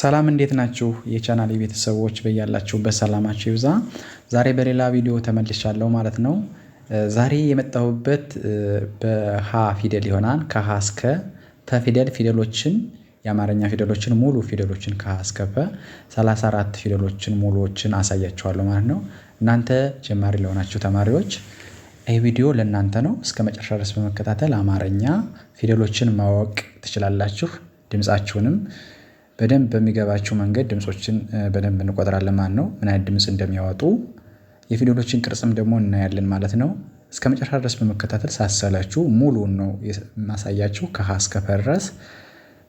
ሰላም እንዴት ናችሁ? የቻናል ቤተሰቦች በያላችሁበት ሰላማችሁ ይብዛ። ዛሬ በሌላ ቪዲዮ ተመልሻለሁ ማለት ነው። ዛሬ የመጣሁበት በሀ ፊደል ይሆናል። ከሀ እስከ ፐ ፊደል ፊደሎችን የአማርኛ ፊደሎችን ሙሉ ፊደሎችን ከሀ እስከ ፐ 34 ፊደሎችን ሙሉዎችን አሳያችኋለሁ ማለት ነው። እናንተ ጀማሪ ለሆናችሁ ተማሪዎች ይህ ቪዲዮ ለእናንተ ነው። እስከ መጨረሻ ድረስ በመከታተል አማርኛ ፊደሎችን ማወቅ ትችላላችሁ። ድምፃችሁንም በደንብ በሚገባቸው መንገድ ድምፆችን በደንብ እንቆጥራለን ማለት ነው። ምን አይነት ድምፅ እንደሚያወጡ የፊደሎችን ቅርጽም ደግሞ እናያለን ማለት ነው። እስከ መጨረሻ ድረስ በመከታተል ሳሰላችሁ ሙሉን ነው የማሳያችሁ ከሀ እስከ ፐ ድረስ።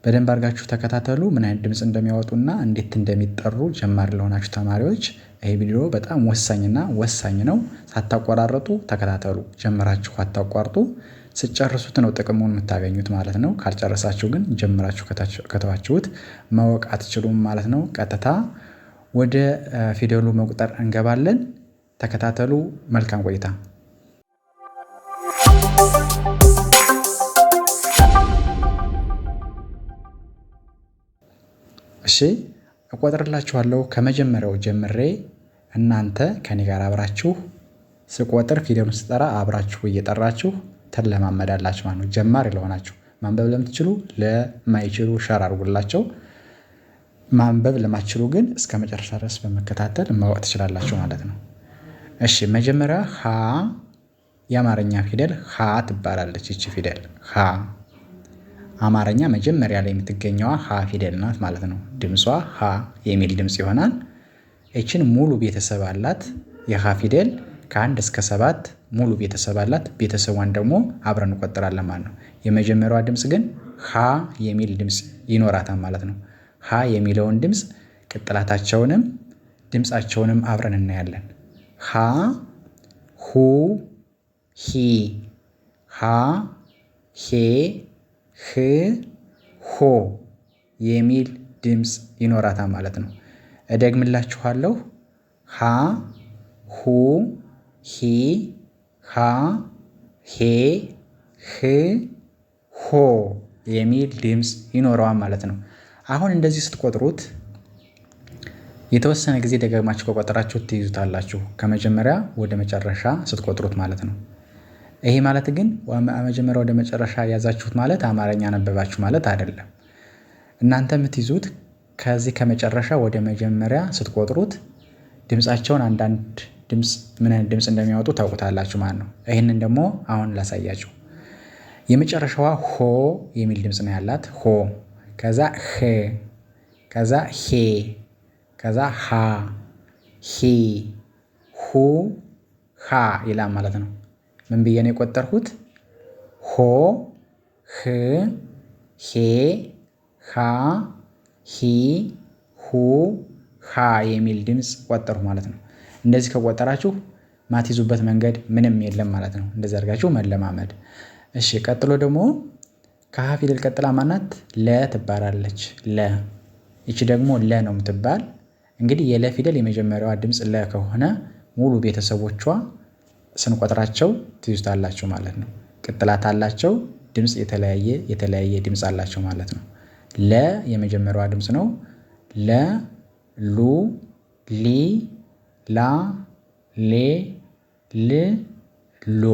በደንብ አድርጋችሁ ተከታተሉ ምን አይነት ድምፅ እንደሚያወጡና እንዴት እንደሚጠሩ ጀማሪ ለሆናችሁ ተማሪዎች ይሄ ቪዲዮ በጣም ወሳኝና ወሳኝ ነው። ሳታቆራርጡ ተከታተሉ ጀምራችሁ አታቋርጡ ስጨርሱት ነው ጥቅሙን የምታገኙት ማለት ነው። ካልጨረሳችሁ ግን ጀምራችሁ ከተዋችሁት ማወቅ አትችሉም ማለት ነው። ቀጥታ ወደ ፊደሉ መቁጠር እንገባለን። ተከታተሉ። መልካም ቆይታ። እሺ እቆጥርላችኋለሁ ከመጀመሪያው ጀምሬ እናንተ ከኔ ጋር አብራችሁ ስቆጥር ፊደሉን ስጠራ አብራችሁ እየጠራችሁ ትለማመዳላችሁ ማለት ነው። ጀማሪ ለሆናችሁ ማንበብ ለምትችሉ ለማይችሉ ሸር አድርጉላቸው። ማንበብ ለማትችሉ ግን እስከ መጨረሻ ድረስ በመከታተል ማወቅ ትችላላችሁ ማለት ነው። እሺ መጀመሪያ ሀ የአማርኛ ፊደል ሀ ትባላለች። ይቺ ፊደል ሀ አማርኛ መጀመሪያ ላይ የምትገኘዋ ሀ ፊደል ናት ማለት ነው። ድምጿ ሀ የሚል ድምፅ ይሆናል። ይችን ሙሉ ቤተሰብ አላት። የሀ ፊደል ከአንድ እስከ ሰባት ሙሉ ቤተሰብ አላት ቤተሰቧን ደግሞ አብረን እንቆጥራለን ማለት ነው። የመጀመሪያዋ ድምፅ ግን ሀ የሚል ድምጽ ይኖራታል ማለት ነው። ሀ የሚለውን ድምፅ ቅጥላታቸውንም ድምፃቸውንም አብረን እናያለን። ሀ ሁ ሂ ሀ ሄ ህ ሆ የሚል ድምጽ ይኖራታል ማለት ነው። እደግምላችኋለሁ ሀ ሁ ሂ ሀ ሄ ህ ሆ የሚል ድምፅ ይኖረዋል ማለት ነው። አሁን እንደዚህ ስትቆጥሩት የተወሰነ ጊዜ ደጋግማችሁ ከቆጠራችሁ ትይዙታላችሁ ከመጀመሪያ ወደ መጨረሻ ስትቆጥሩት ማለት ነው። ይሄ ማለት ግን መጀመሪያ ወደ መጨረሻ ያዛችሁት ማለት አማርኛ ነበባችሁ ማለት አይደለም። እናንተ የምትይዙት ከዚህ ከመጨረሻ ወደ መጀመሪያ ስትቆጥሩት ድምፃቸውን አንዳንድ ምን አይነት ድምፅ እንደሚያወጡ ታውቁታላችሁ ማለት ነው። ይህንን ደግሞ አሁን ላሳያችሁ። የመጨረሻዋ ሆ የሚል ድምፅ ነው ያላት ሆ፣ ከዛ ህ፣ ከዛ ሄ፣ ከዛ ሃ፣ ሂ፣ ሁ፣ ሃ ይላል ማለት ነው። ምን ብዬ ነው የቆጠርሁት? ሆ፣ ህ፣ ሄ፣ ሃ፣ ሂ፣ ሁ፣ ሃ የሚል ድምፅ ቆጠርሁ ማለት ነው። እንደዚህ ከቆጠራችሁ ማትይዙበት መንገድ ምንም የለም ማለት ነው። እንደዛ አድርጋችሁ መለማመድ። እሺ ቀጥሎ ደግሞ ከሀ ፊደል ቀጥላ ማናት ለ ትባላለች ለ ይቺ ደግሞ ለ ነው የምትባል እንግዲህ የለ ፊደል የመጀመሪያዋ ድምፅ ለ ከሆነ ሙሉ ቤተሰቦቿ ስንቆጥራቸው ትይዙታላችሁ ማለት ነው። ቅጥላት አላቸው ድምፅ የተለያየ የተለያየ ድምፅ አላቸው ማለት ነው። ለ የመጀመሪያዋ ድምፅ ነው። ለ ሉ ሊ ላ ሌ ል ሎ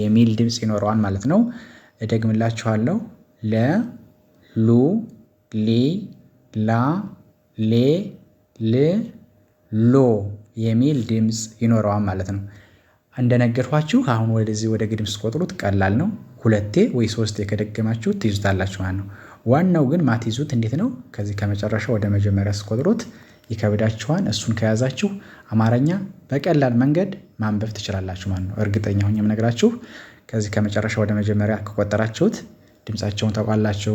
የሚል ድምጽ ይኖረዋል ማለት ነው። እደግምላችኋለሁ ለ ሉ ሊ ላ ሌ ል ሎ የሚል ድምጽ ይኖረዋል ማለት ነው። እንደነገርኳችሁ አሁን ወደዚህ ወደ ግድም ስትቆጥሩት ቀላል ነው ሁለቴ ወይ ሶስቴ ከደገማችሁት ትይዙታላችሁ ማለት ነው። ዋናው ግን ማትይዙት እንዴት ነው? ከዚህ ከመጨረሻ ወደ መጀመሪያ ስትቆጥሩት ይከብዳችኋን እሱን ከያዛችሁ አማርኛ በቀላል መንገድ ማንበብ ትችላላችሁ ማለት ነው። እርግጠኛ ሆኜ የምነግራችሁ ከዚህ ከመጨረሻ ወደ መጀመሪያ ከቆጠራችሁት ድምፃቸውን ታውቃላችሁ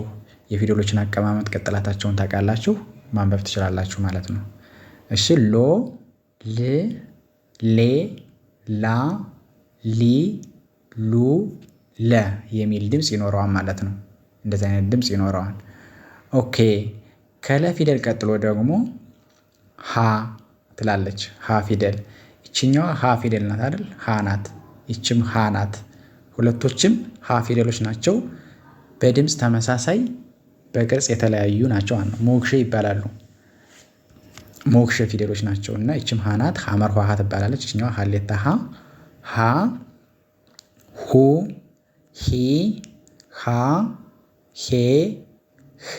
የፊደሎችን አቀማመጥ ቅጥላታቸውን ታውቃላችሁ ማንበብ ትችላላችሁ ማለት ነው። እሺ ሎ ል ሌ ላ ሊ ሉ ለ የሚል ድምጽ ይኖረዋል ማለት ነው። እንደዚህ አይነት ድምጽ ይኖረዋል። ኦኬ ከለ ፊደል ቀጥሎ ደግሞ ሀ ትላለች ሀ ፊደል ይችኛዋ ሀ ፊደል ናት አይደል? ሀ ናት። ይችም ሀ ናት። ሁለቶችም ሀ ፊደሎች ናቸው። በድምፅ ተመሳሳይ፣ በቅርጽ የተለያዩ ናቸው። ሞክሼ ይባላሉ። ሞክሼ ፊደሎች ናቸው እና ይችም ሀ ናት። ሀመር ሀ ትባላለች። ይችኛዋ ሀሌታ ሀ ሀ ሁ ሂ ሃ ሄ ህ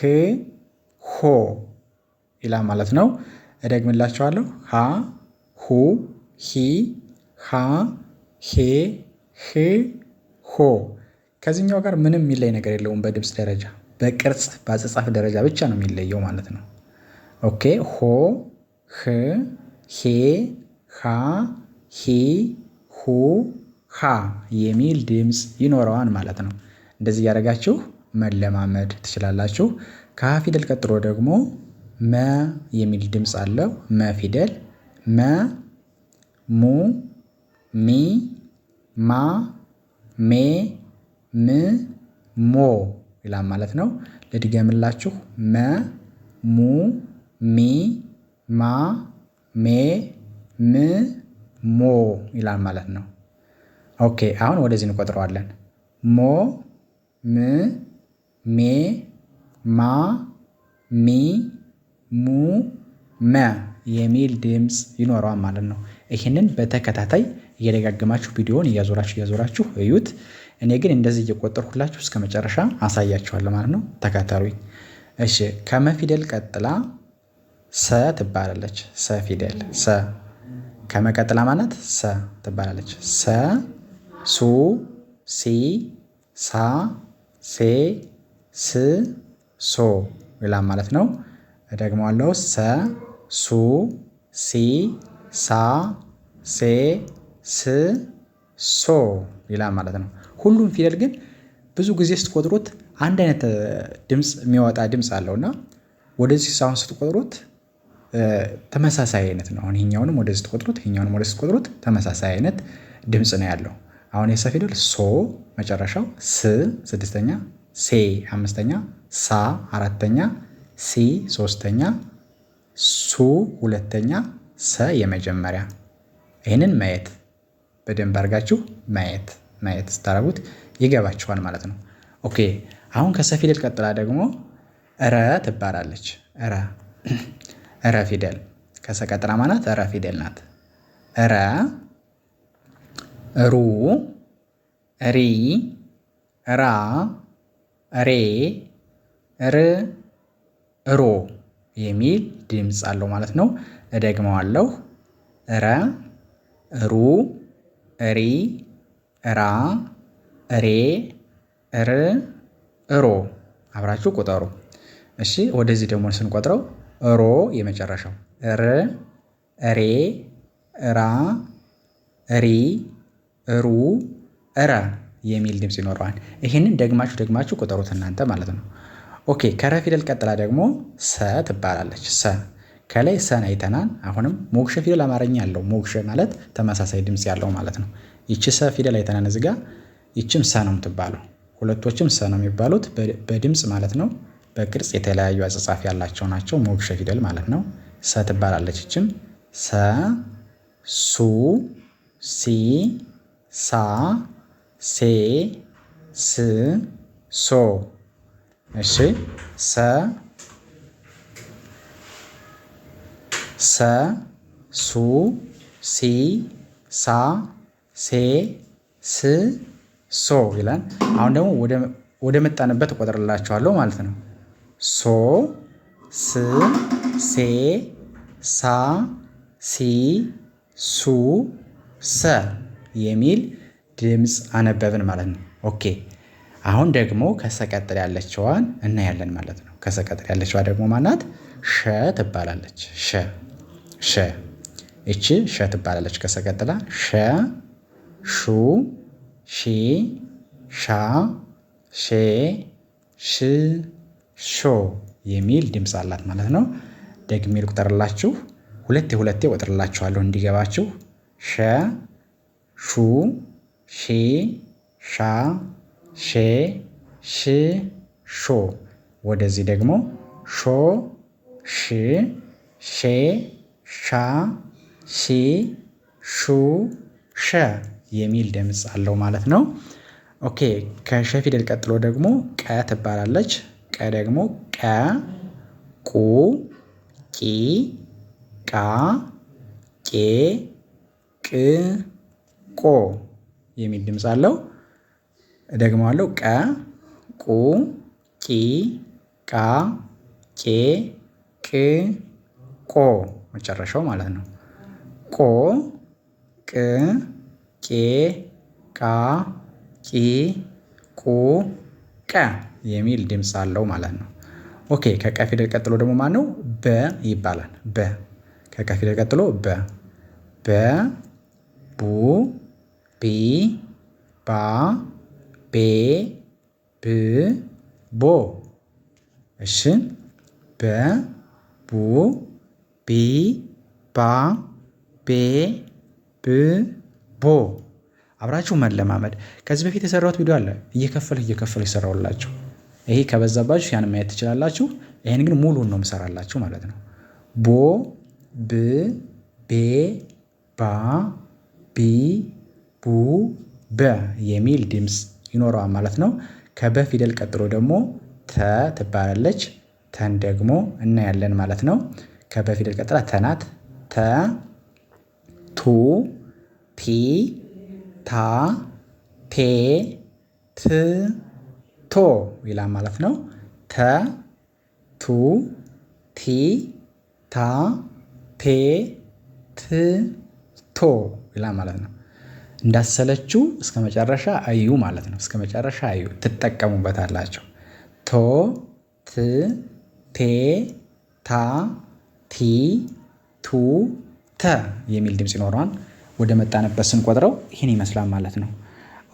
ሆ ይላል ማለት ነው። እደግምላቸዋለሁ። ሀ ሁ ሂ ሃ ሄ ህ ሆ ከዚህኛው ጋር ምንም የሚለይ ነገር የለውም። በድምፅ ደረጃ በቅርጽ በአጻጻፍ ደረጃ ብቻ ነው የሚለየው ማለት ነው። ኦኬ ሆ ህ ሄ ሃ ሂ ሁ ሃ የሚል ድምፅ ይኖረዋል ማለት ነው። እንደዚህ እያደረጋችሁ መለማመድ ትችላላችሁ። ከሀ ፊደል ቀጥሎ ደግሞ መ የሚል ድምጽ አለው መ ፊደል መ ሙ ሚ ማ ሜ ም ሞ ይላል ማለት ነው። ልድገምላችሁ መ ሙ ሚ ማ ሜ ም ሞ ይላል ማለት ነው። ኦኬ አሁን ወደዚህ እንቆጥረዋለን ሞ ም ሜ ማ ሚ ሙ መ የሚል ድምጽ ይኖረዋል ማለት ነው። ይሄንን በተከታታይ እየደጋገማችሁ ቪዲዮውን እያዞራችሁ እያዞራችሁ እዩት። እኔ ግን እንደዚህ እየቆጠርኩላችሁ መጨረሻ አሳያችኋለሁ ማለት ነው። ተከተሉኝ። እሺ ከመፊደል ቀጥላ ሰ ትባላለች። ሰ ፊደል ሰ ከመ ማለት ሰ ትባላለች። ሰ ሱ ሲ ሳ ሴ ስ ሶ ይላል ማለት ነው። እደግመዋለሁ ሰ ሱ ሲ ሳ ሴ ስ ሶ ይላል ማለት ነው። ሁሉም ፊደል ግን ብዙ ጊዜ ስትቆጥሩት አንድ አይነት ድምጽ የሚወጣ ድምጽ አለው እና ወደዚህ አሁን ስትቆጥሩት ተመሳሳይ አይነት ነው። አሁን ይሄኛውንም ወደዚህ ስትቆጥሩት ይሄኛውንም ወደዚህ ስትቆጥሩት ተመሳሳይ አይነት ድምጽ ነው ያለው። አሁን የሰ ፊደል ሶ መጨረሻው ስ ስድስተኛ ሴ አምስተኛ ሳ አራተኛ ሲ ሶስተኛ፣ ሱ ሁለተኛ፣ ሰ የመጀመሪያ። ይህንን ማየት በደንብ አድርጋችሁ ማየት ማየት ስታረጉት ይገባችኋል ማለት ነው። ኦኬ አሁን ከሰ ፊደል ቀጥላ ደግሞ ረ ትባላለች። ረ ረ ፊደል ከሰ ቀጥላ ማናት ረ ፊደል ናት። ረ ሩ ሪ ራ ሬ ር ሮ የሚል ድምጽ አለው ማለት ነው። እደግመዋለሁ እረ እሩ እሪ እራ እሬ እር እሮ አብራችሁ ቁጠሩ። እሺ ወደዚህ ደግሞ ስንቆጥረው ሮ የመጨረሻው እር እሬ እራ እሪ እሩ እረ የሚል ድምጽ ይኖረዋል። ይህንን ደግማችሁ ደግማችሁ ቁጠሩት እናንተ ማለት ነው። ኦኬ ከረፊደል ቀጥላ ደግሞ ሰ ትባላለች። ሰ ከላይ ሰን አይተናን። አሁንም ሞክሸ ፊደል አማርኛ ያለው ሞክሸ ማለት ተመሳሳይ ድምፅ ያለው ማለት ነው። ይቺ ሰ ፊደል አይተናን እዚህ ጋር ይችም ሰ ነው የምትባለው። ሁለቶችም ሰ ነው የሚባሉት በድምፅ ማለት ነው። በቅርጽ የተለያዩ አጻጻፍ ያላቸው ናቸው። ሞክሸ ፊደል ማለት ነው። ሰ ትባላለች። ይችም ሰ ሱ ሲ ሳ ሴ ስ ሶ እሺ ሰ ሰ ሱ ሲ ሳ ሴ ስ ሶ ይላል። አሁን ደግሞ ወደ መጣንበት እቆጥርላችኋለሁ ማለት ነው። ሶ ስ ሴ ሳ ሲ ሱ ሰ የሚል ድምፅ አነበብን ማለት ነው። ኦኬ አሁን ደግሞ ከሰቀጥል ያለችዋን እናያለን ማለት ነው። ከሰቀጥል ያለችዋ ደግሞ ማናት? ሸ ትባላለች። ሸ ሸ እቺ ሸ ትባላለች። ከሰቀጥላ ሸ፣ ሹ፣ ሺ፣ ሻ፣ ሼ፣ ሽ፣ ሾ የሚል ድምፅ አላት ማለት ነው። ደግሜ ልቁጠርላችሁ። ሁለቴ ሁለቴ እቆጥርላችኋለሁ እንዲገባችሁ። ሸ፣ ሹ፣ ሺ፣ ሻ ሼ ሺ ሾ ወደዚህ ደግሞ ሾ ሽ ሼ ሻ ሺ ሹ ሸ የሚል ድምፅ አለው ማለት ነው። ኦኬ ከሸ ፊደል ቀጥሎ ደግሞ ቀ ትባላለች። ቀ ደግሞ ቀ ቁ ቂ ቃ ቄ ቅ ቆ የሚል ድምፅ አለው። እደግመዋለሁ ቀ ቁ ቂ ቃ ቄ ቅ ቆ መጨረሻው ማለት ነው። ቆ ቅ ቄ ቃ ቂ ቁ ቀ የሚል ድምጽ አለው ማለት ነው። ኦኬ ከቀ ፊደል ቀጥሎ ደግሞ ማነው በ ይባላል በ ከቀ ፊደል ቀጥሎ በ በ ቡ ቢ ባ ቤ ብ ቦ እሺ በ ቡ ቢ ባ ቤ ብ ቦ አብራችሁ መለማመድ። ከዚህ በፊት የሰራሁት ቪዲዮ አለ እየከፈልኩ እየከፈልኩ የሰራሁላችሁ ይሄ ከበዛባችሁ ያን ማየት ትችላላችሁ። ይሄን ግን ሙሉን ነው የምሰራላችሁ ማለት ነው። ቦ ብ ቤ ባ ቢ ቡ በ የሚል ድምጽ ይኖረዋል ማለት ነው። ከበ ፊደል ቀጥሎ ደግሞ ተ ትባላለች ተን ደግሞ እናያለን ማለት ነው። ከበ ፊደል ቀጥላ ተ ተ ቱ ቲ ታ ቴ ት ቶ ይላል ማለት ነው። ተ ቱ ቲ ታ ቴ ት ቶ ይላል ማለት ነው። እንዳሰለችው እስከ መጨረሻ አዩ ማለት ነው። እስከ መጨረሻ አዩ ትጠቀሙበታላቸው። ቶ ት ቴ ታ ቲ ቱ ተ የሚል ድምፅ ይኖረዋል። ወደ መጣንበት ስንቆጥረው ይህን ይመስላል ማለት ነው።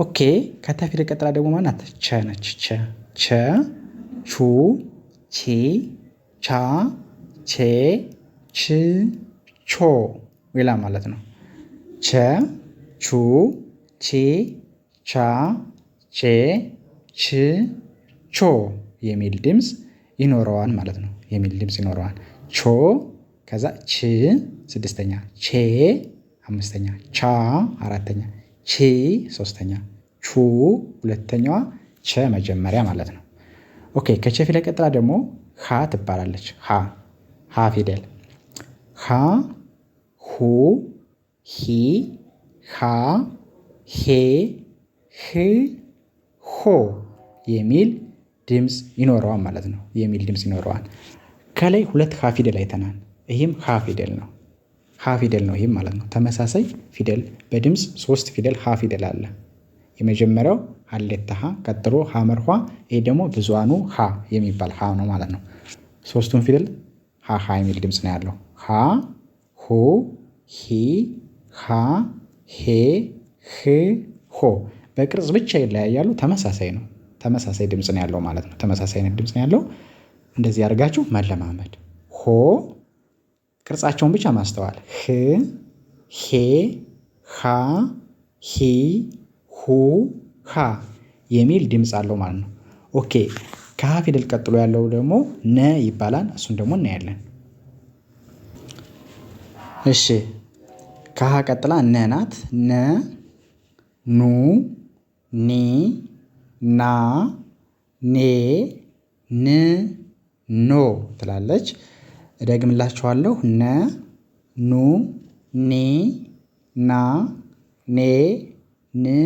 ኦኬ ከተፊል ቀጥላ ደግሞ ማናት? ቸ ነች። ቸ ቸ ቹ ቺ ቻ ቼ ች ቾ ይላል ማለት ነው። ቸ ቹ ቺ ቻ ቼ ች ቾ የሚል ድምጽ ይኖረዋል ማለት ነው። የሚል ድምጽ ይኖረዋል ቾ ከዛ ች ስድስተኛ ቼ አምስተኛ ቻ አራተኛ ቺ ሶስተኛ ቹ ሁለተኛዋ ቸ መጀመሪያ ማለት ነው። ኦኬ ከቼ ፊደል ቀጥላ ደግሞ ሀ ትባላለች። ሀ ሀ ፊደል ሀ ሁ ሂ ሃ ሄ ህ ሆ የሚል ድምጽ ይኖረዋል ማለት ነው። የሚል ድምፅ ይኖረዋል። ከላይ ሁለት ሃ ፊደል አይተናል። ይህም ሀ ፊደል ነው። ሀ ፊደል ነው ይህም ማለት ነው። ተመሳሳይ ፊደል በድምጽ ሶስት ፊደል ሃ ፊደል አለ። የመጀመሪያው ሀሌታ ሃ ቀጥሎ ሐመርኋ፣ ይህ ደግሞ ብዙሃኑ ሃ የሚባል ሃ ነው ማለት ነው። ሶስቱን ፊደል ሃ ሃ የሚል ድምፅ ነው ያለው። ሃ ሁ ሂ ሃ ሄ ህ ሆ በቅርጽ ብቻ ይለያያሉ ተመሳሳይ ነው ተመሳሳይ ድምፅ ነው ያለው ማለት ነው ተመሳሳይ አይነት ድምፅ ነው ያለው። እንደዚህ አድርጋችሁ መለማመድ ሆ ቅርጻቸውን ብቻ ማስተዋል ህ ሄ ሃ ሂ ሁ ሃ የሚል ድምፅ አለው ማለት ነው። ኦኬ ከሀ ፊደል ቀጥሎ ያለው ደግሞ ነ ይባላል እሱን ደግሞ እናያለን። እሺ ከሀ ቀጥላ ነ ናት ነ ኑ ኒ ና ኔ ን ኖ ትላለች። እደግምላችኋለሁ ነ ኑ ኒ ና ኔ ን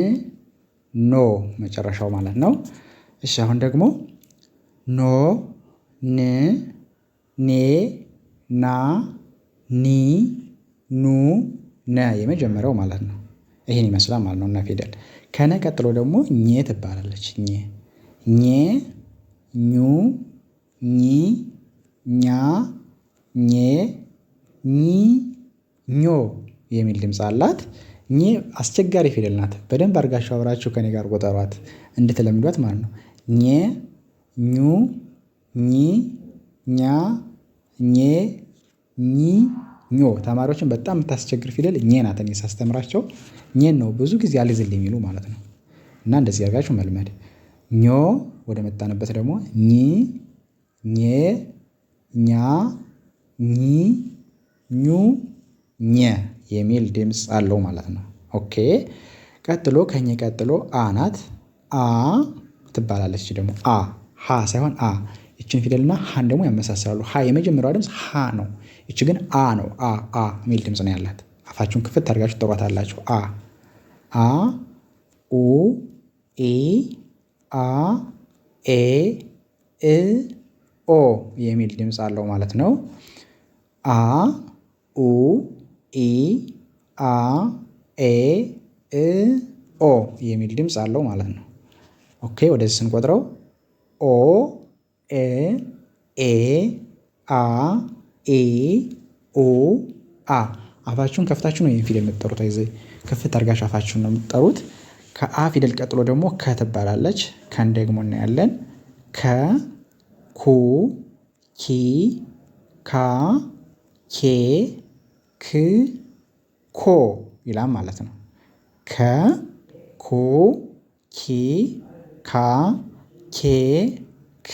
ኖ መጨረሻው ማለት ነው። እሺ አሁን ደግሞ ኖ ን ኔ ና ኒ ኑ ነ የመጀመሪያው ማለት ነው። ይህን ይመስላል ማለት ነው። እነ ፊደል ከነ ቀጥሎ ደግሞ ኘ ትባላለች። ኘ ኘ ኙ ኚ ኛ ኘ ኚ ኞ የሚል ድምፅ አላት። ኘ አስቸጋሪ ፊደል ናት። በደንብ አድርጋችሁ አብራችሁ ከኔ ጋር ቆጠሯት እንድትለምዷት ማለት ነው። ኘ ኙ ኚ ኛ ኘ ኚ ኞ ተማሪዎችን በጣም የምታስቸግር ፊደል ኘ ናት እኔ ሳስተምራቸው ኘን ነው ብዙ ጊዜ አልዝል የሚሉ ማለት ነው። እና እንደዚህ ያርጋችሁ መልመድ ኞ ወደ መጣንበት ደግሞ ኝ ኜ ኛ ኚ ኙ ኘ የሚል ድምጽ አለው ማለት ነው። ኦኬ ቀጥሎ ከኝ ቀጥሎ አ ናት አ ትባላለች ደግሞ አ ሀ ሳይሆን አ ይቺን ፊደልና ሀን ደግሞ ያመሳስላሉ ሀ የመጀመሪያ ድምፅ ሀ ነው እች ግን አ ነው አ አ የሚል ድምፅ ነው ያላት። አፋችሁን ክፍት አድርጋችሁ ትጠሯታላችሁ። አ አ ኡ ኤ አ ኤ እ ኦ የሚል ድምፅ አለው ማለት ነው። አ ኡ ኢ አ ኤ እ ኦ የሚል ድምፅ አለው ማለት ነው። ኦኬ ወደዚህ ስንቆጥረው ኦ ኤ ኤ አ ኤ ኦ አ አፋችሁን ከፍታችሁ ነው ይህን ፊደል የምትጠሩት። አይዘ ከፍት አድርጋችሁ አፋችሁን ነው የምትጠሩት። ከአ ፊደል ቀጥሎ ደግሞ ከ ትባላለች። ከን ደግሞ እናያለን። ከ ኩ ኪ ካ ኬ ክ ኮ ይላም ማለት ነው። ከ ኩ ኪ ካ ኬ ክ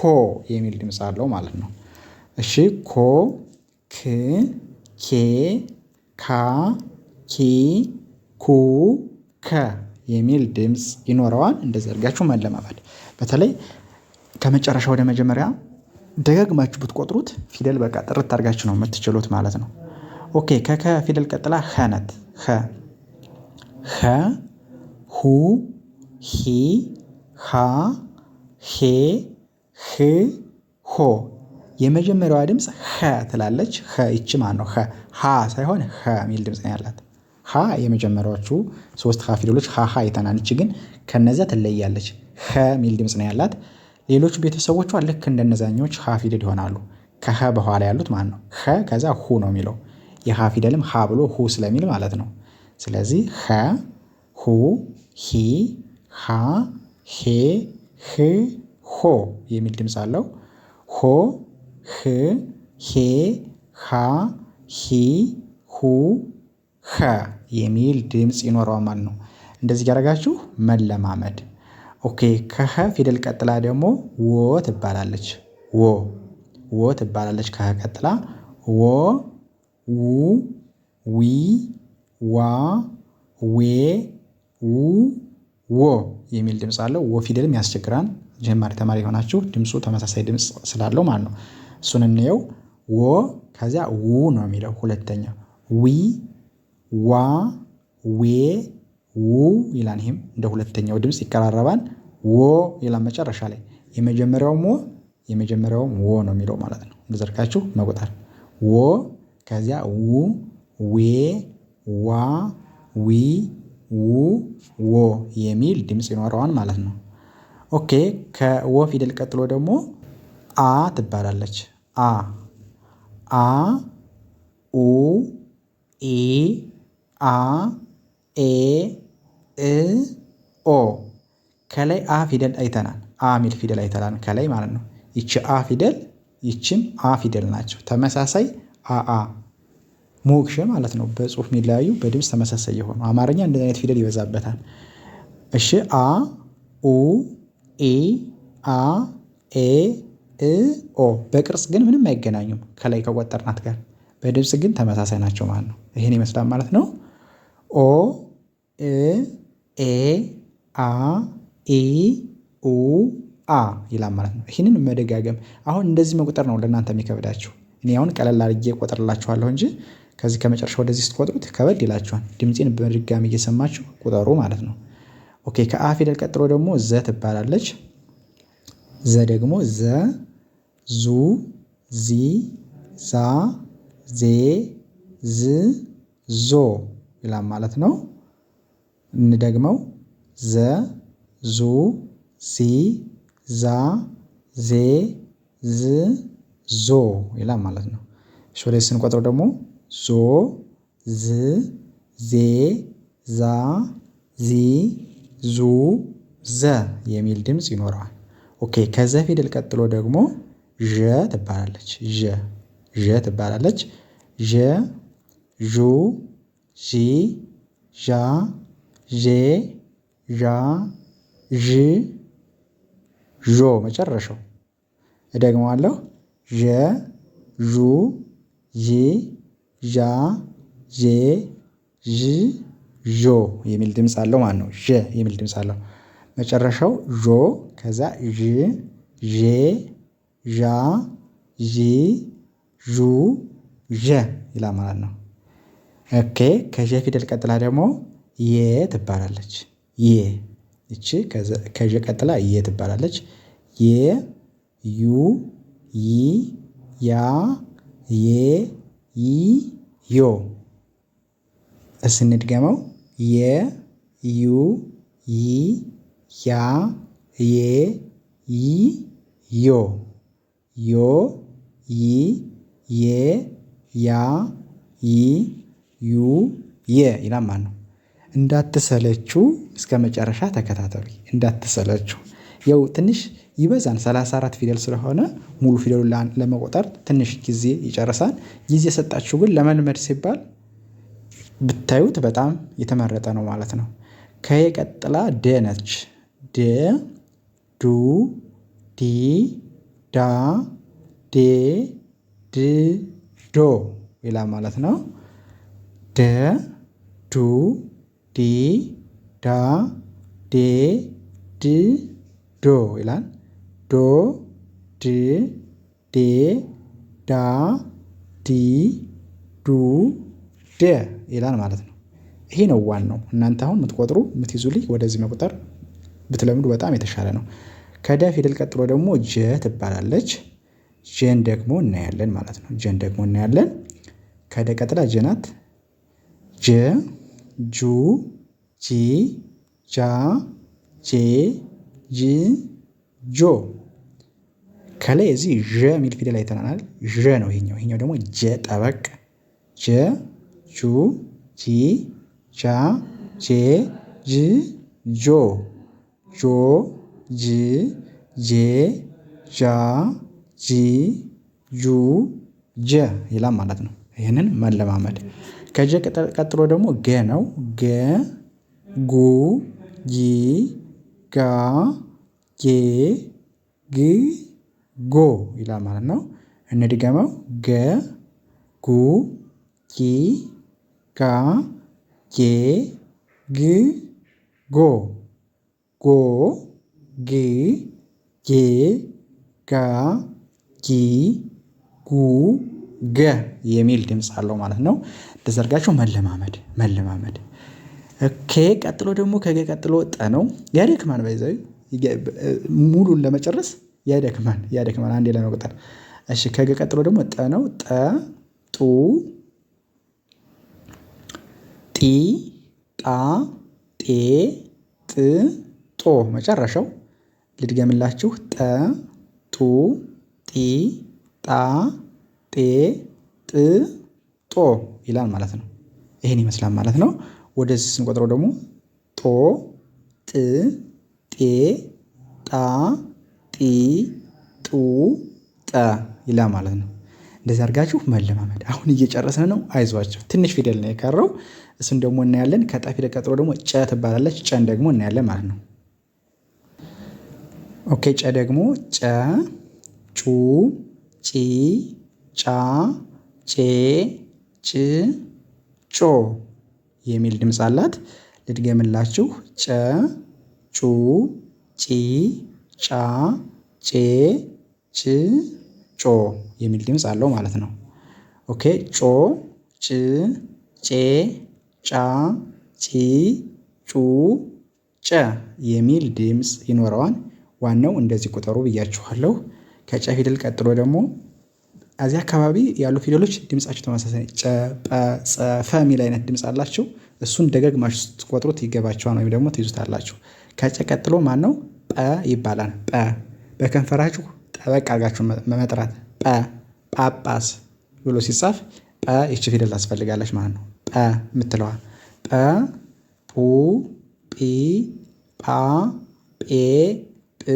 ኮ የሚል ድምፅ አለው ማለት ነው። እሺ ኮ ክ ኬ ካ ኪ ኩ ከ የሚል ድምጽ ይኖረዋል እንደዚህ አድርጋችሁ መለማመድ በተለይ ከመጨረሻ ወደ መጀመሪያ ደጋግማችሁ ብትቆጥሩት ፊደል በቃ ጥርት አድርጋችሁ ነው የምትችሉት ማለት ነው። ኦኬ ከከ ፊደል ቀጥላ ኸ ኸ ኸ ሁ ሂ ሃ ሄ ህ ሆ የመጀመሪያዋ ድምጽ ኸ ትላለች ኸ ይች ማን ነው ኸ ሀ ሳይሆን ኸ የሚል ድምጽ ነው ያላት ሀ የመጀመሪያዎቹ ሶስት ሀ ፊደሎች ሀ ሀ አይተናል። ግን ከነዚያ ትለያለች ኸ የሚል ድምጽ ነው ያላት። ሌሎቹ ቤተሰቦቿ ልክ እንደነዛኞች ሀ ፊደል ይሆናሉ። ከኸ በኋላ ያሉት ማን ነው ኸ ከዛ ሁ ነው የሚለው የሀ ፊደልም ሀ ብሎ ሁ ስለሚል ማለት ነው። ስለዚህ ኸ ሁ ሂ ሃ ሄ ህ ሆ የሚል ድምጽ አለው። ሆ ህ ሄ ሃ ሂ ሁ ኸ የሚል ድምጽ ይኖረዋል ማለት ነው። እንደዚህ እያደረጋችሁ መለማመድ ኦኬ ከሀ ፊደል ቀጥላ ደግሞ ወ ትባላለች ወ ዎ ትባላለች ከሀ ቀጥላ ወ ው ዊ ዋ ዌ ው ዎ የሚል ድምፅ አለው ወ ፊደልም ያስቸግራል ጀማሪ ተማሪ የሆናችሁ ድምፁ ተመሳሳይ ድምፅ ስላለው ማለት ነው እሱን እንየው ዎ ከዚያ ው ነው የሚለው ሁለተኛ ዊ ዋ ዌ ው ይላል። ይሄም እንደ ሁለተኛው ድምፅ ይቀራረባል። ዎ ይላል መጨረሻ ላይ የመጀመሪያውም ዎ የመጀመሪያውም ዎ ነው የሚለው ማለት ነው። ዘርጋችሁ መቁጠር ዎ ከዚያ ው ዌ ዋ ዊ ው ዎ የሚል ድምፅ ይኖረዋል ማለት ነው። ኦኬ ከወ ፊደል ቀጥሎ ደግሞ አ ትባላለች આ આ ઓ એ አ ኤ እ ኦ ከላይ አ ፊደል አይተናል አ ሚል ፊደል አይተናል ከላይ ማለት ነው። ይቺ አ ፊደል ይቺም አ ፊደል ናቸው ተመሳሳይ አአ ሞክሼ ማለት ነው። በጽሁፍ የሚለያዩ በድምፅ ተመሳሳይ የሆኑ አማርኛ እንደዚህ አይነት ፊደል ይበዛበታል። እሺ አ ኡ ኤ አ ኤ እ ኦ በቅርጽ ግን ምንም አይገናኙም ከላይ ከቆጠርናት ጋር በድምጽ ግን ተመሳሳይ ናቸው ማለት ነው ይህን ይመስላል ማለት ነው። ኦ እ ኤ አ ኢ ኡ አ ይላል ማለት ነው። ይህንን መደጋገም አሁን እንደዚህ መቁጠር ነው ለእናንተ የሚከብዳችሁ እኔ አሁን ቀለል አድርጌ ቆጥርላችኋለሁ እንጂ ከዚህ ከመጨረሻ ወደዚህ ስትቆጥሩት ከበድ ይላችኋል ድምፄን በድጋሚ እየሰማችሁ ቁጠሩ ማለት ነው። ኦኬ ከአ ፊደል ቀጥሎ ደግሞ ዘ ትባላለች። ዘ ደግሞ ዘ ዙ ዚ ዛ ዜ ዝ ዞ ይላል ማለት ነው። እንደግመው ዘ ዙ ዚ ዛ ዜ ዝ ዞ ይላል ማለት ነው። እሺ ወደዚህ ስንቆጥረው ደግሞ ዞ ዝ ዜ ዛ ዚ ዙ ዘ የሚል ድምጽ ይኖረዋል። ኦኬ ከዘ ፊደል ቀጥሎ ደግሞ ዠ ትባላለች ዠ ዠ ትባላለች ዠ ዡ ዢ ዣ ዤ ዣ ዥ ዦ መጨረሻው እደግመዋለሁ ዠ ዡ ዢ ዣ ዤ ዥ ዦ የሚል ድምጽ አለው ማለት ነው ዠ የሚል ድምጽ አለው። መጨረሻው ዦ ከዛ ዥ ዤ ዣ ዢ ዡ ዠ ይላል ማለት ነው። ኦኬ ከዠ ፊደል ቀጥላ ደግሞ የ ትባላለች የ ይቺ ከዠ ቀጥላ የ ትባላለች የ ዩ ይ ያ የ ይ ዮ ስንድገመው የ ዩ ይ ያ የ ይ ዮ ዮ ይ ዬ ያ ይ ዩ የ ይላል ማለት ነው። እንዳትሰለቹ እስከ መጨረሻ ተከታተሉ እንዳትሰለቹ ያው ትንሽ ይበዛን ሰላሳ አራት ፊደል ስለሆነ ሙሉ ፊደሉን ለመቆጠር ትንሽ ጊዜ ይጨርሳል ጊዜ ሰጣችሁ ግን ለመልመድ ሲባል ብታዩት በጣም የተመረጠ ነው ማለት ነው። ከየቀጥላ ደ ነች ደ ዱ ዲ ዳ ዴ ድ ዶ ይላል ማለት ነው። ደ ዱ ዲ ዳ ዴ ድ ዶ ይላል። ዶ ድ ዴ ዳ ዲ ዱ ደ ይላል ማለት ነው። ይሄ ነው ዋናው እናንተ አሁን የምትቆጥሩ የምትይዙልኝ ወደዚህ መቁጠር ብትለምዱ በጣም የተሻለ ነው። ከደ ፊደል ቀጥሎ ደግሞ ጀ ትባላለች። ጀን ደግሞ እናያለን ማለት ነው። ጀን ደግሞ እናያለን። ከደ ቀጥላ ጀናት ጀ፣ ጁ፣ ጂ፣ ጃ፣ ጄ፣ ጂ፣ ጆ። ከላይ እዚህ ዠ የሚል ፊደል አይተናናል። ዠ ነው ይሄኛው። ይሄኛው ደግሞ ጀ ጠበቅ። ጀ፣ ጁ፣ ጂ፣ ጃ፣ ጄ፣ ጂ፣ ጆ ጆ ጅ ጄ ዣ ዢ ዡ ጀ ይላል ማለት ነው። ይህንን መለማመድ ከጀ ቀጥሎ ደግሞ ገ ነው ገ ጉ ጊ ጋ ጌ ግ ጎ ይላል ማለት ነው። እንደገመው ገ ጉ ጊ ጋ ጌ ግ ጎ ጎ ጌ ጌ ጋ ጊ ጉ ገ የሚል ድምጽ አለው ማለት ነው። እንደዛ መለማመድ መለማመድ ኦኬ ቀጥሎ ደግሞ ከገ ቀጥሎ ጠ ነው ያደክማል ባይ ዘ ዌይ ሙሉን ለመጨረስ ያደክማል ያደክማል አንዴ ለመቁጠር። እሺ ከገ ቀጥሎ ደግሞ ጠ ነው ጠ ጡ ጢ ጣ ጤ ጥ ጦ መጨረሻው ልድገምላችሁ ጠ ጡ ጢ ጣ ጤ ጥ ጦ ይላል ማለት ነው። ይህን ይመስላል ማለት ነው። ወደዚህ ስንቆጥረው ደግሞ ጦ ጥ ጤ ጣ ጢ ጡ ጠ ይላል ማለት ነው። እንደዚህ አድርጋችሁ መለማመድ። አሁን እየጨረስን ነው። አይዟቸው። ትንሽ ፊደል ነው የቀረው። እሱን ደግሞ እናያለን። ከጠ ፊደል ደግሞ ጨ ትባላለች። ጨን ደግሞ እናያለን ማለት ነው። ኦኬ ጨ ደግሞ ጨ ጩ ጪ ጫ ጬ ጭ ጮ የሚል ድምፅ አላት። ልድገምላችሁ ጨ ጩ ጪ ጫ ጬ ጭ ጮ የሚል ድምፅ አለው ማለት ነው። ኦኬ ጮ ጭ ጬ ጫ ጪ ጩ ጨ የሚል ድምፅ ይኖረዋል። ዋናው እንደዚህ ቁጠሩ ብያችኋለሁ። ከጨ ፊደል ቀጥሎ ደግሞ እዚህ አካባቢ ያሉ ፊደሎች ድምፃቸው ተመሳሳይ ጨ፣ ጰ፣ ጸ፣ ፈ የሚል አይነት ድምፅ አላቸው። እሱን ደጋግማችሁ ስትቆጥሩት ይገባችኋል ወይም ደግሞ ትይዙታላችሁ። ከጨ ቀጥሎ ማን ነው? ጰ ይባላል። ጰ በከንፈራችሁ ጠበቅ አድርጋችሁ መጥራት ጰ ጳጳስ ብሎ ሲጻፍ ጰ ይቺ ፊደል ታስፈልጋለች ማለት ነው። ጰ የምትለዋ ጰ ጱ ጲ ጳ ጴ ጵ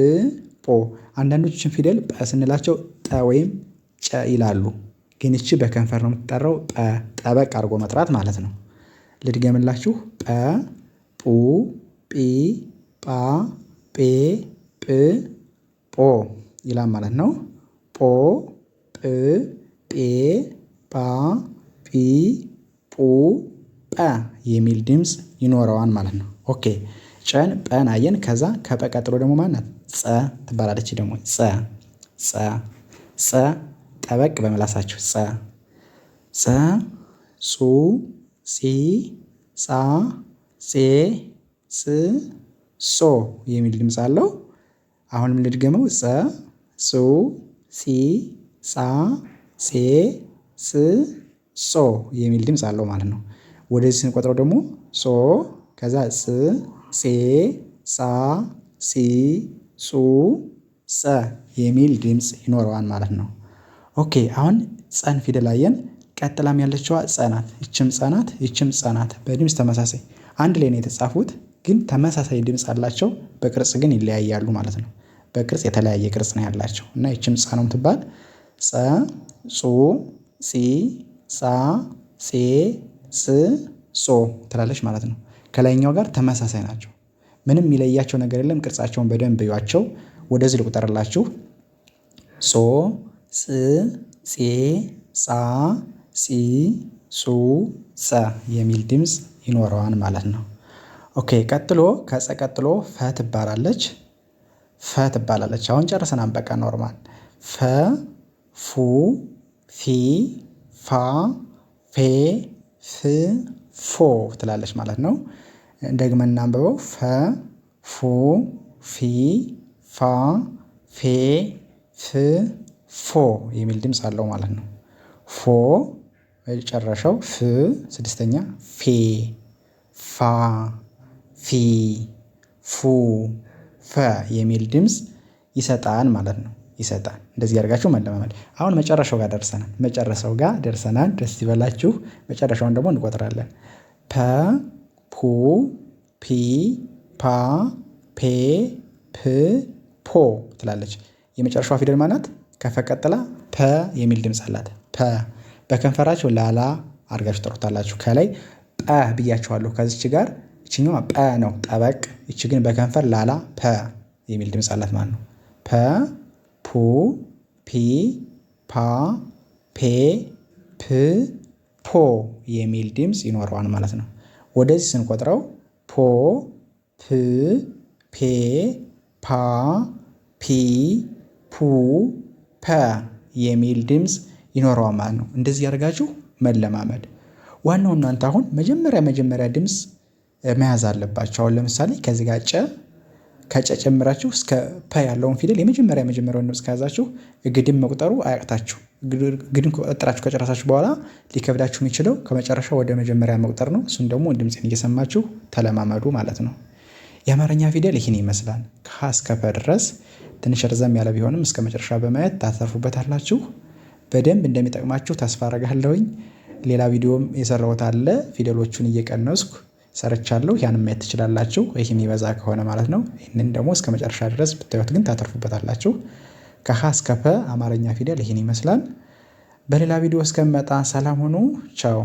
ጶ አንዳንዶችን ፊደል ጰ ስንላቸው ጠ ወይም ጨ ይላሉ። ግን እቺ በከንፈር ነው የምትጠራው። ጰ ጠበቅ አድርጎ መጥራት ማለት ነው። ልድገምላችሁ። ጰ ጱ ጲ ጳ ጴ ጵ ጶ ይላል ማለት ነው። ጶ ጵ ጴ ጳ ጲ ጱ ጰ የሚል ድምፅ ይኖረዋል ማለት ነው። ኦኬ ጨን ጰን አየን ከዛ ከጰ ቀጥሎ ደግሞ ማናት ጸ ትባላለች ደግሞ ጸ ጸ ጸ ጠበቅ በመላሳችሁ ጸ ጸ ጹ ጺ ጻ ጼ ጽ ጾ የሚል ድምፅ አለው። አሁንም ልድገመው ጸ ጹ ጺ ጻ ጼ ጽ ጾ የሚል ድምፅ አለው ማለት ነው። ወደዚህ ስንቆጥረው ደግሞ ጾ ከዛ ጽ ሴ ሳ ሲ ሱ ሰ የሚል ድምጽ ይኖረዋል ማለት ነው። ኦኬ አሁን ጸን ፊደል አየን ቀጥላም ያለችዋ ጸ ናት ይቺም ጸ ናት ይቺም ተመሳሳይ አንድ ላይ ነው የተጻፉት ግን ተመሳሳይ ድምጽ አላቸው በቅርጽ ግን ይለያያሉ ማለት ነው። በቅርጽ የተለያየ ቅርጽ ነው ያላቸው እና ይቺም ጸ ነው የምትባል ጸ ጹ ጺ ጻ ጼ ስ ጾ ትላለች ማለት ነው ከላይኛው ጋር ተመሳሳይ ናቸው። ምንም የሚለያቸው ነገር የለም። ቅርጻቸውን በደንብ እዩዋቸው። ወደዚህ ልቁጠርላችሁ ሶ ጽ ፄ ጻ ጺ ጹ ጸ የሚል ድምፅ ይኖረዋል ማለት ነው። ኦኬ ቀጥሎ ከጸ ቀጥሎ ፈ ትባላለች። ፈ ትባላለች። አሁን ጨርሰናን በቃ ኖርማል ፈ ፉ ፊ ፋ ፌ ፍ ፎ ትላለች ማለት ነው። ደግመን እናንብበው ፈ ፉ ፊ ፋ ፌ ፍ ፎ የሚል ድምጽ አለው ማለት ነው። ፎ መጨረሻው ፍ ስድስተኛ ፌ ፋ ፊ ፉ ፈ የሚል ድምጽ ይሰጣል ማለት ነው። ይሰጣል እንደዚህ ያደርጋችሁ መለማመድ። አሁን መጨረሻው ጋር ደርሰናል። መጨረሻው ጋር ደርሰናል። ደስ ይበላችሁ። መጨረሻውን ደግሞ እንቆጥራለን። ፐ ፑ ፒ ፓ ፔ ፕ ፖ ትላለች። የመጨረሻዋ ፊደል ማናት? ከፈቀጥላ ፐ የሚል ድምፅ አላት። ፐ በከንፈራችሁ ላላ አድርጋችሁ ጠሩታላችሁ። ከላይ ጰ ብያችኋለሁ። ከዚች ጋር ይችኛዋ ጰ ነው ጠበቅ። ይቺ ግን በከንፈር ላላ ፐ የሚል ድምፅ አላት ማለት ነው። ፐ ፑ ፒ ፓ ፔ ፕ ፖ የሚል ድምጽ ይኖረዋል ማለት ነው። ወደዚህ ስንቆጥረው ፖ ፕ ፔ ፓ ፒ ፑ ፐ የሚል ድምጽ ይኖረዋል ማለት ነው። እንደዚህ ያደርጋችሁ መለማመድ። ዋናው እናንተ አሁን መጀመሪያ መጀመሪያ ድምፅ መያዝ አለባቸው አሁን ለምሳሌ ከዚህ ጋር ጨ ከጨ ጨምራችሁ እስከ ፐ ያለውን ፊደል የመጀመሪያ የመጀመሪያውን ድምፅ ከያዛችሁ ግድም መቁጠሩ አያቅታችሁ ግድን ቆጥራችሁ ከጨረሳችሁ በኋላ ሊከብዳችሁ የሚችለው ከመጨረሻ ወደ መጀመሪያ መቁጠር ነው። እሱን ደግሞ ድምፄን እየሰማችሁ ተለማመዱ ማለት ነው። የአማርኛ ፊደል ይህን ይመስላል። ከሀ እስከ ፐ ድረስ ትንሽ ረዘም ያለ ቢሆንም እስከ መጨረሻ በማየት ታተርፉበታላችሁ። በደንብ እንደሚጠቅማችሁ ተስፋ አረጋለሁኝ። ሌላ ቪዲዮም የሰራሁት አለ ፊደሎቹን እየቀነስኩ ሰርቻለሁ። ያን ማየት ትችላላችሁ። ይህም ይበዛ ከሆነ ማለት ነው። ይህንን ደግሞ እስከ መጨረሻ ድረስ ብታዩት ግን ታተርፉበታላችሁ። ከሀ እስከ ፐ አማርኛ ፊደል ይህን ይመስላል። በሌላ ቪዲዮ እስከመጣ ሰላም ሁኑ። ቻው